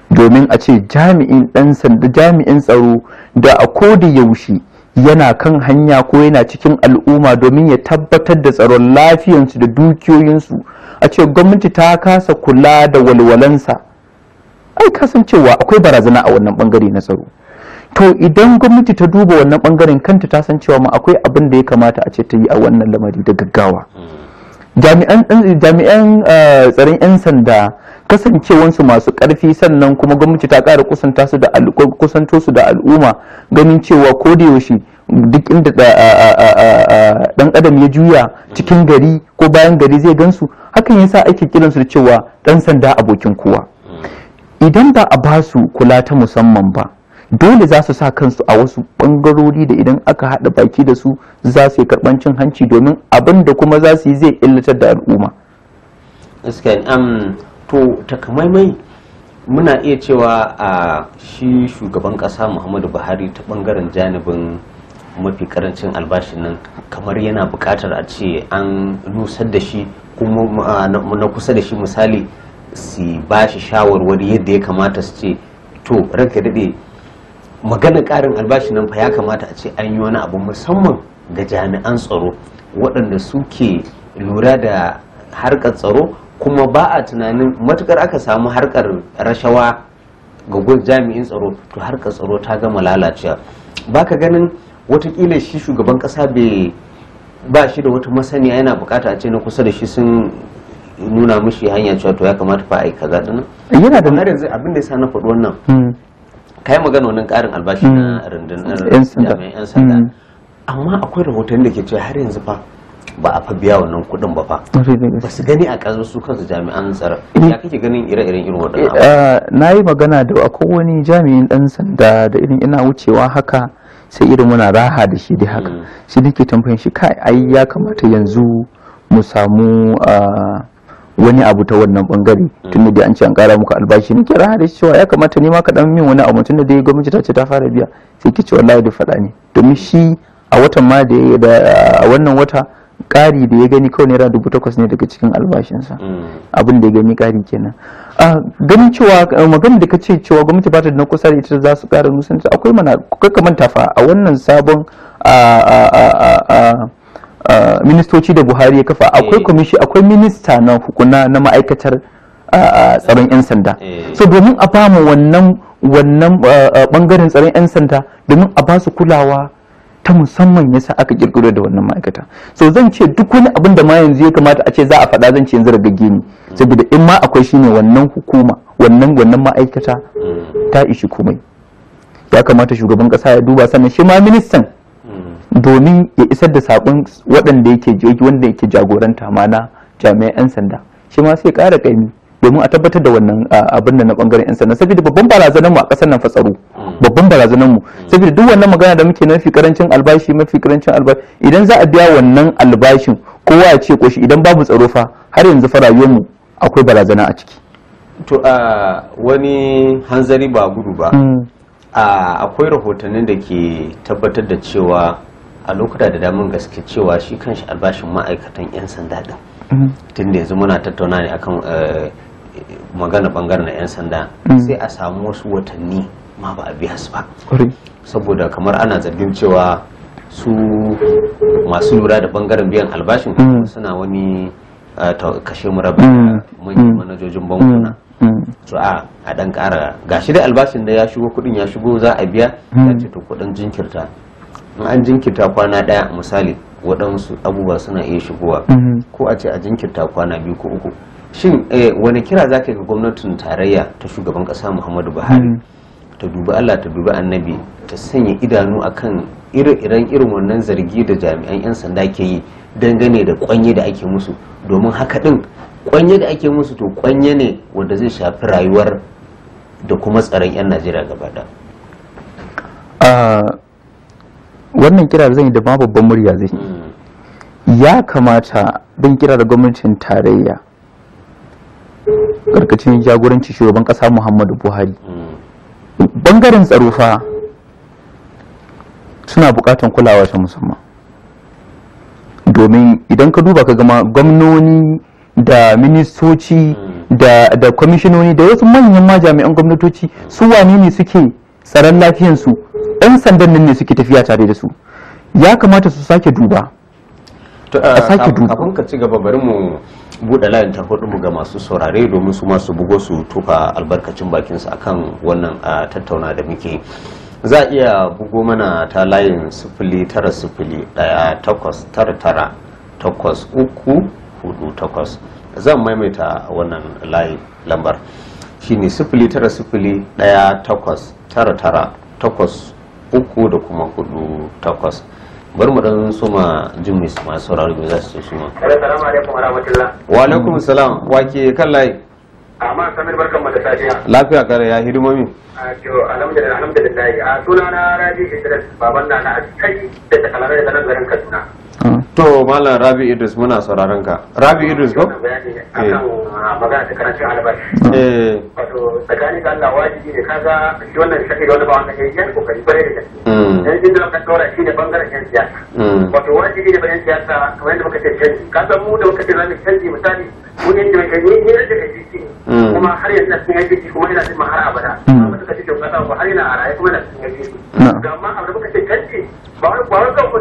domin a ce jami'in ɗan sanda jami'in tsaro da a koda yaushe yana kan hanya ko yana cikin al'umma domin ya tabbatar da tsaron lafiyansu da dukiyoyinsu a ce gwamnati ta kasa kula da walwalansa ai kasancewa akwai barazana a wannan bangare na tsaro to idan gwamnati ta duba wannan bangaren kanta ta san cewa ma akwai abin da ya kamata a ce ta yi a wannan lamari da gaggawa mm. jami'an eh, eh, tsaron 'yan sanda kasancewansu masu ƙarfi sannan kuma gwamnati ta ƙara kusanta su da kusanto su da al'umma ganin cewa ko da yaushe duk inda dan adam ya juya cikin gari ko bayan gari zai gansu hakan yasa ake kiransu da cewa dan sanda abokin kowa idan ba a ba su kula ta musamman ba dole za su sa kansu a wasu bangarori da idan aka haɗa baki da su za su yi karban cin hanci domin abin da kuma za su yi zai illatar da al'umma to takamaimai muna iya cewa a shi shugaban kasa muhammadu buhari ta bangaren janibin mafi karancin albashin nan kamar yana bukatar a ce an nusar da shi kuma na kusa da shi misali su ba shi shawarwari yadda ya kamata su ce to ranka daɗe magana karin albashin nan fa ya kamata a ce an yi wani abu musamman ga jami'an tsaro waɗanda suke lura da harkar tsaro kuma ba a tunanin matukar aka samu harkar rashawa ga gun jami'in tsaro to harkar tsaro ta gama lalacewa ba ka ganin watakila shi shugaban kasa bai ba shi da wata masaniya yana bukata a ce na kusa da shi sun nuna mishi hanya cewa to ya kamata fa yi kaza dinnan yana da har yanzu abin da yasa na faɗi wannan hmm. kai magana wannan karin albashi na hmm. rundunar jami'an yan sanda hmm. amma akwai rahoton da ke cewa har yanzu fa ba a fa biya wannan kuɗin ba fa ba su gani a ƙasar su kansu jami'an tsara. Eh. ya kake ganin ire-iren irin waɗannan eh, ah, na yi magana da a wani jami'in ɗan sanda da irin ina wucewa haka sai irin muna raha da shi dai haka hmm. shi nake tambayin shi kai ai ya kamata yanzu mu samu ah, wani abu ta wannan bangare hmm. tun da an ce an kara muka albashi nake raha da cewa ya kamata ne ma ka dan min wani abu tun da dai gwamnati ta ce ta fara biya sai ki ce wallahi da faɗa ne domin shi a watan ma da ya da ah, wannan wata ƙari da ya gani kawai naira dubu takwas ne daga cikin albashinsa mm. abin da ya gani ƙari kenan ganin cewa magana da ka ce cewa gwamnati ba ta da kusa da ita za su ƙara nusanta akwai mana kuka manta fa a wannan sabon ministoci da buhari ya kafa eh. akwai kwamishi akwai minista na hukuna na ma'aikatar tsaron 'yan sanda eh. so domin a bamu wannan wannan bangaren tsaron 'yan sanda domin a ba su kulawa ta musamman yasa aka kirkiro da wannan ma'aikata so zan ce duk wani abin da ma yanzu ya kamata a ce za a faɗa zan ce yanzu ragagge ne saboda in ma akwai shine wannan hukuma wannan wannan ma'aikata ta ishi komai ya kamata shugaban kasa ya duba sannan shi ma ministan domin ya isar da sakon waɗanda yake wanda yake jagoranta mana jami'an 'yan sanda shi ma sai ƙara ƙaimi domin a tabbatar da wannan abin da na bangaren yan sanda saboda babban barazanar mu a kasar nan fa tsaro babban barazanar mu saboda duk wannan magana da muke na mafi karancin albashi mafi karancin albashi idan za a biya wannan albashin kowa ya ce shi idan babu tsaro fa har yanzu fa rayuwar mu akwai barazana a ciki to a wani hanzari ba gudu ba mm. akwai rahotannin da ke tabbatar da cewa a lokuta da damun gaske cewa shi kanshi albashin ma'aikatan 'yan sanda din mm. tun yanzu muna tattauna ne akan eh, magana bangaren na 'yan sanda mm. sai a samu wasu watanni ma ba a biya su ba saboda kamar ana zargin cewa su masu lura da bangaren biyan albashin mm. suna wani kashe murabba mm. manyan manajojin bankuna to a a dan kara gashi dai albashin da ya shigo kudin ya shigo za a biya ya ce to kudin jinkirta in an jinkirta kwana daya misali waɗansu abubuwa suna iya shigowa ko a ce a jinkirta kwana biyu ko uku shin eh, wani kira za ka ga gwamnatin tarayya ta shugaban ƙasa muhammadu buhari hmm. ta dubi allah ta dubi annabi ta sanya idanu akan ire-iren irin wannan zargi da jami'an 'yan sanda ke yi dangane da kwanye da ake musu domin haka din kwanye da ake musu to kwanye ne wanda zai shafi rayuwar da kuma tsaron 'yan najeriya gaba da ah, wannan kira zan yi da babban murya zai hmm. ya kamata bin kira da gwamnatin tarayya karkacin jagoranci shugaban kasa muhammadu buhari bangaren tsaro suna bukatan kulawa ta musamman domin idan ka duba ka gama gwamnoni da ministoci da kwamishinoni da wasu manyan ma jami'an gwamnatoci su wani ne suke tsaron lafiyansu 'yan sandan nan ne suke tafiya tare da su ya kamata su sake duba a sake duba kafin ka ci gaba bari mu buɗe layin mu ga masu saurare domin su masu bugo su tufa albarkacin bakinsu akan wannan a tattauna da muke za a iya bugo mana ta layin sifili tara sifili ɗaya takwas tara tara takwas uku hudu takwas zan maimaita wannan layi lambar shine sifili tara sifili ɗaya takwas tara tara takwas uku da kuma hudu takwas bari mu dan suma jin mai masu sauraro me za su so suma assalamu alaikum warahmatullah wa alaikum salam wa ke kan layi amma samir barkan mu da safiya lafiya kare ya hidima hidimomi to alhamdulillah alhamdulillah a sunana rabi idris baban na na kai da takalare da nan garin kaduna Ah. to malam rabi idris muna sauraron ka rabi idris ko eh. ah, magana ta karanci albashi ah. eh wato tsakanin da Allah wajibi ne kaga shi ba wannan da hmm. ka tsora shi da bangaren yan na hmm. kuma ba hmm. a raye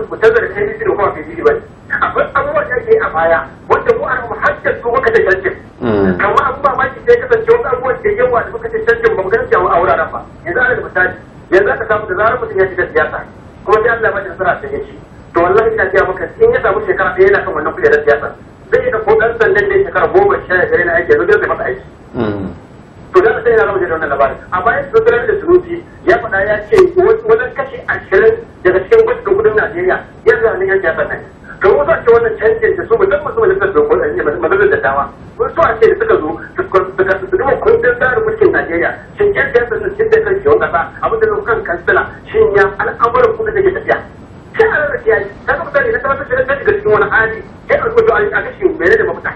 kuma amma addini ba akwai abubuwan da ke a baya wanda mu an hajjar su muka da canjin hmm. amma abu ba maki sai kasance wasu abubuwan da yawa da muka da canjin ba mu ganin cewa a wuraren ba yanzu ana da misali yanzu aka samu da zarar mutum ya shiga siyasa kuma sai Allah ba shi nasara sai ya ci to wallahi ina cewa maka in ya samu shekara ɗaya yana kan wannan kujerar siyasa zai ga ko ɗan sandan da shekara goma sha biyar yana aiki yanzu zai masa aiki hmm. to da sai yana rubuta wannan labarin a bayan tattalin da sunuti ya faɗa ya ce wajen kashi ashirin daga cikin gwajin kudin najeriya yanzu da yan siyasa nan ga wasu a ce wannan canjin da su musamman su majalisar dokokin majalisar dattawa wasu a ce da suka zo su duba kundin tsarin mulkin najeriya shin yan siyasa sun cin da kan shiwon kasa abin da kan kansila shin ya al'amuran kudin da ke tafiya sai a rarrafiya ta ga mutane na tabbatar da ta shiga cikin wani hali ya ɗauki wato a kashin mene da mafita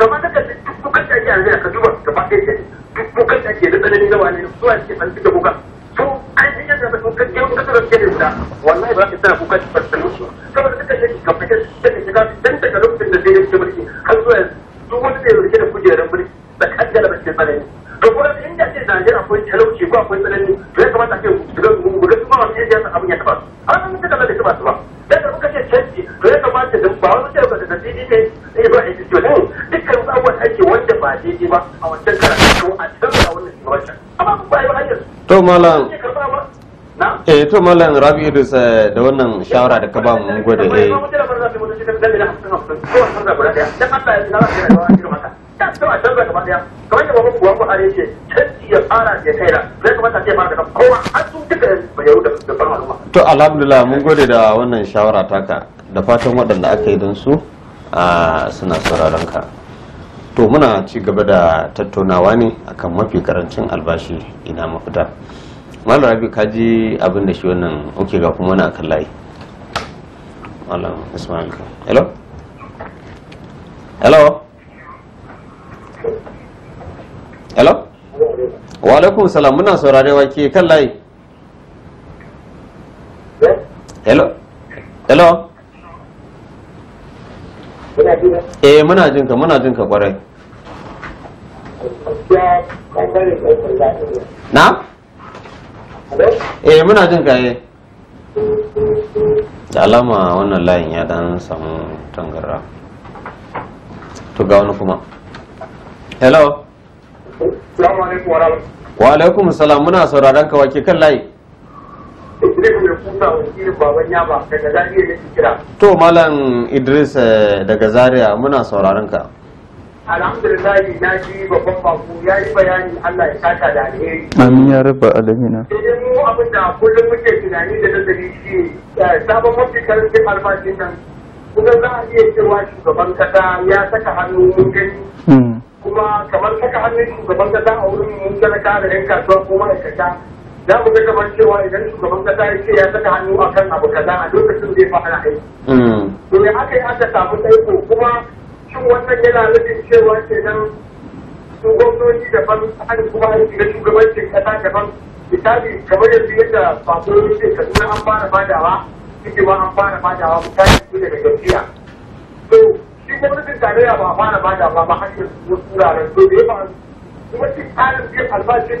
gaba da kashi duk kukan da ake ka duba gaba ɗaya ce duk kukan da ake da tsanani na wani su wani ke tsanci da kuka to an yi yadda da kukan ke ke da wallahi ba ka tsara kuka ci fasalin su saboda duka shi ka fita da ka shiga dan daga lokacin da zai yi mulki har zuwa duk wani da rike da kujerar mulki da kan da bace tsanani to ko in da ce Najeriya akwai talauci ko akwai tsanani to ya kamata ke shiga mu ga kuma wani yadda abin ya taba su an mun da ba da taba su ba da ce canji to ya kamata da ba wani da da ne ba a to ake wanda a ba yi malam eh to malam rabi idris eh, da wannan shawara da ka ba mu gode eh to alhamdulillah mun gode da wannan shawara taka da fatan waɗanda aka yi don su suna sauraron ka to muna ci gaba da tattaunawa ne akan mafi karancin albashi ina mafita malam rabi ka ji abin da shi wannan oke ga kuma wani akan layi malam ismail ka hello hello hello wa alaikum salam muna saurare wa ke kan layi hello hello eh muna jin ka muna jin ka kwarai na eh muna jin ka eh da alama wannan layin ya dan samu tangara to ga wani kuma hello wa alaikum salam muna sauraron ka wake kan layi Musa wakilin baban daga Zaria ne kira. To Malam Idris eh, daga Zaria muna sauraron ka. Alhamdulillah na ji babban bako ya yi bayani Allah ya saka da alheri. Amin ya rabba alamina. Idan mu abin da kullum muke tunani da nazari shi eh, sabon mafi karancin albashin nan kuma za a iya cewa shugaban kasa ya saka hannu mun gani. Hmm. Kuma kamar saka hannun shugaban kasa a wurin mun talaka da 'yan kasuwa ko ma'aikata za mu ga kamar cewa idan shugaban kasa ya ce ya saka hannu a kan abu kaza a lokacin zai fara aiki. Hmm. To ya aka yi aka samu tsaiko kuma shin wannan yana nufin cewa nan su gwamnoni daban tsarin kuma an shiga shugabancin kasa daban misali kamar yanzu yadda fafo ya ce kaduna an fara badawa suke ma an fara badawa misali su daga gajiya. To shi gwamnatin tarayya ba a fara badawa ba ba yanzu wasu wuraren to da ya kuma shi tsarin albashin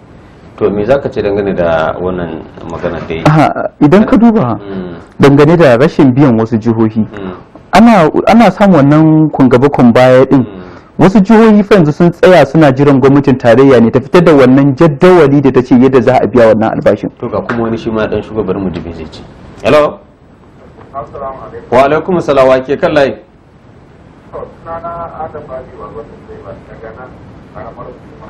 to me zaka ce dangane da wannan magana dai idan ka duba mm. dangane da rashin biyan wasu jihohi mm. ana samun wannan kungabakon baya din mm. wasu jihohi fa yanzu sun tsaya suna jiran gwamnatin tarayya ne ta fitar da wannan jaddawali da ta ce yadda za a biya wannan albashin to ga kuma wani shi ma dan shugabar mu dubi zai ce hello alaikum wa alaikum assalam wa ke kan layi sunana adam bali wata sai ba daga nan karamar hukumar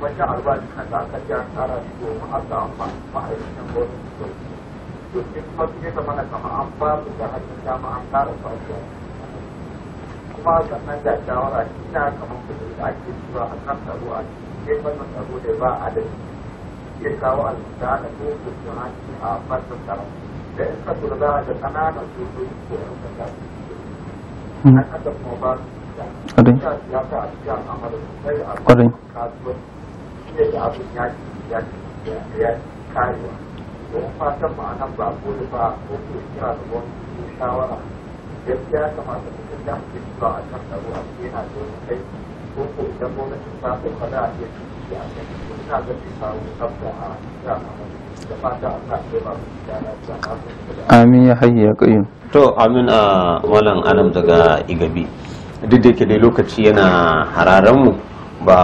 wannan albashin nan da aka ji an tsara shi domin a samu ma'aikatan gwamnati sau to in kuma su ne zama na kama an ba su da hannun dama an tsara fasiya kuma sannan da shawara ina kamar kudi da ake tura a kan tsaro a cikin wannan tsaro da ba adadi ya kawo alfita da ko kusurin hanci a fasin tsaro da in ka tura za a ga ƙananan sojoji ko yan kasa an kasa kuma ba su da ya ta a cikin amalar sai a kasuwanci shine abin ya ya karewa don fatan ba ko da ba ko kira da shawara kamata mutum da ake zuwa a kan tsaro a cikin kai ko ko gwamnatin ta ko kada a a kan ko ina ga kawo a kira da fata a ba da amin ya hayya ya kayyum to amin a ah, malam adam daga igabi duk da yake dai lokaci yana hararan mu ba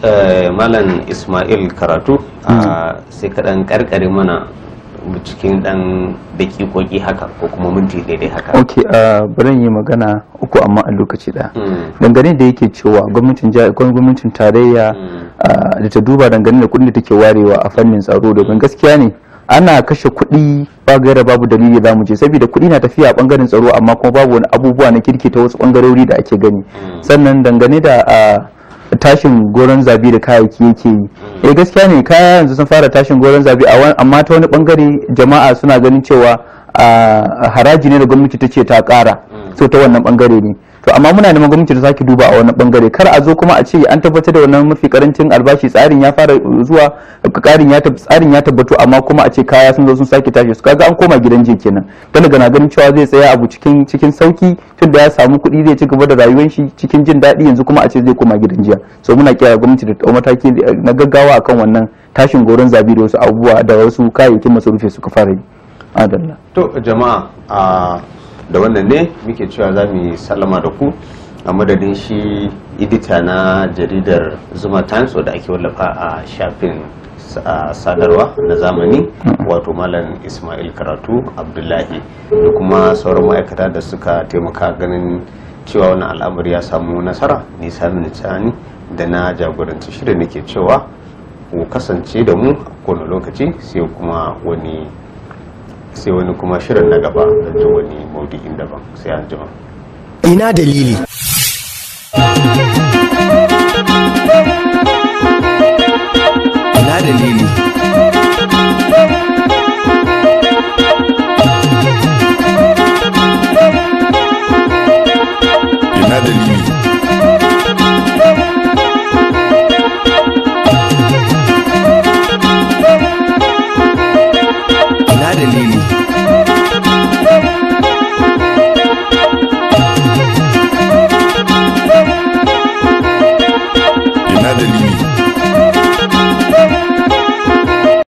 Eh, malam ismail karatu ah, hmm. sai kaɗan karkare mana cikin ɗan daƙiƙoƙi haka ko kuma minti daidai haka ok ah, bari yi magana uku amma a lokaci ɗaya hmm. dangane da yake cewa gwamnatin gwamnatin tarayya hmm. ah, da ta duba dangane da kudin da take warewa a fannin tsaro domin gaskiya ne ana kashe kuɗi ba gaira babu dalili za mu je saboda kuɗi na tafiya a ɓangaren tsaro amma kuma babu wani abubuwa na kirki ta wasu ɓangarori da ake gani sannan dangane da tashin goron zabi da kayayyaki yake yi hmm. eh gaskiya ne kaya yanzu sun fara tashin goron zabi amma ta wani bangare jama'a suna ganin cewa ah, haraji ne da gwamnati ta ce ta kara hmm. so ta wannan bangare ne to amma muna neman gwamnati da sake duba a wani bangare kar a zo kuma a ce an tabbatar da wannan mafi karancin albashi tsarin ya fara zuwa karin ya tsarin ya tabbatu amma kuma a ce kaya sun zo sun sake tashi su kaga an koma gidan je kenan talaga na ganin cewa zai tsaya abu cikin cikin sauki tunda ya samu kuɗi zai ci gaba da rayuwar shi cikin jin daɗi yanzu kuma a ce zai koma gidan jiya so muna kira gwamnati da ɗau mataki eh, na gaggawa akan wannan tashin goron zabi da wasu abubuwa da wasu kayayyakin masarufi suka fara yi adalla to jama'a ah, da wannan ne muke cewa za mu yi sallama da ku a madadin shi edita na jaridar zuma times da ake wallafa a shafin sadarwa na zamani wato malam ismail karatu abdullahi da kuma sauran ma'aikata da suka taimaka ganin cewa wani al'amari ya samu nasara nisa cani da na jagoranci shirin nake cewa ku kasance da mu a kowane lokaci sai kuma wani sai wani kuma shirin na gaba don wani maudu'in daban sai an jima ina dalili ina dalili